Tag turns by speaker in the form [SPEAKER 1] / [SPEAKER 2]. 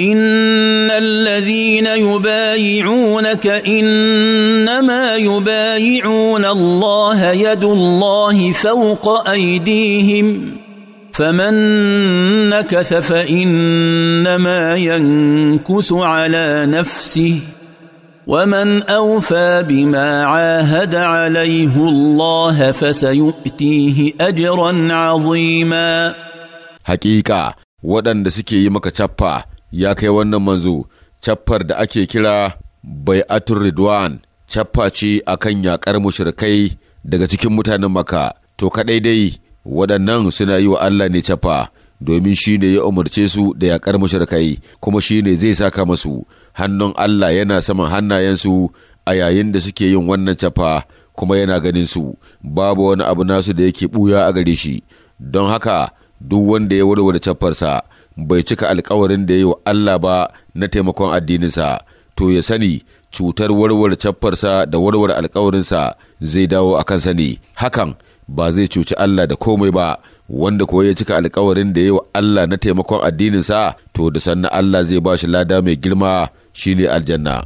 [SPEAKER 1] ان الذين يبايعونك انما يبايعون الله يد الله فوق ايديهم فمن نكث فانما ينكث على نفسه ومن اوفى بما عاهد عليه الله فسيؤتيه اجرا عظيما
[SPEAKER 2] حقيقه ودن suke yi ya kai wannan manzo caffar da ake kira bai ridwan caffa ce a kan yakar mushrikai daga cikin mutanen maka to kaɗai dai waɗannan suna yi wa Allah ne caffa domin shi ne ya umarce su da yakar mushrikai kuma shi ne zai saka masu hannun Allah yana saman hannayensu a yayin da suke yin wannan caffa kuma yana ganin su babu wani abu nasu da yake ɓuya a gare shi don haka duk wanda ya warware caffarsa bai cika alkawarin da ya yi wa Allah ba na taimakon addininsa, to ya sani cutar warware caffarsa da warware alkawarinsa zai dawo a kansa ne. Hakan ba zai cuci Allah da komai ba, wanda kuwa ya cika alkawarin da ya yi wa Allah na taimakon addininsa, to da sannan Allah zai ba shi lada mai girma shine aljanna.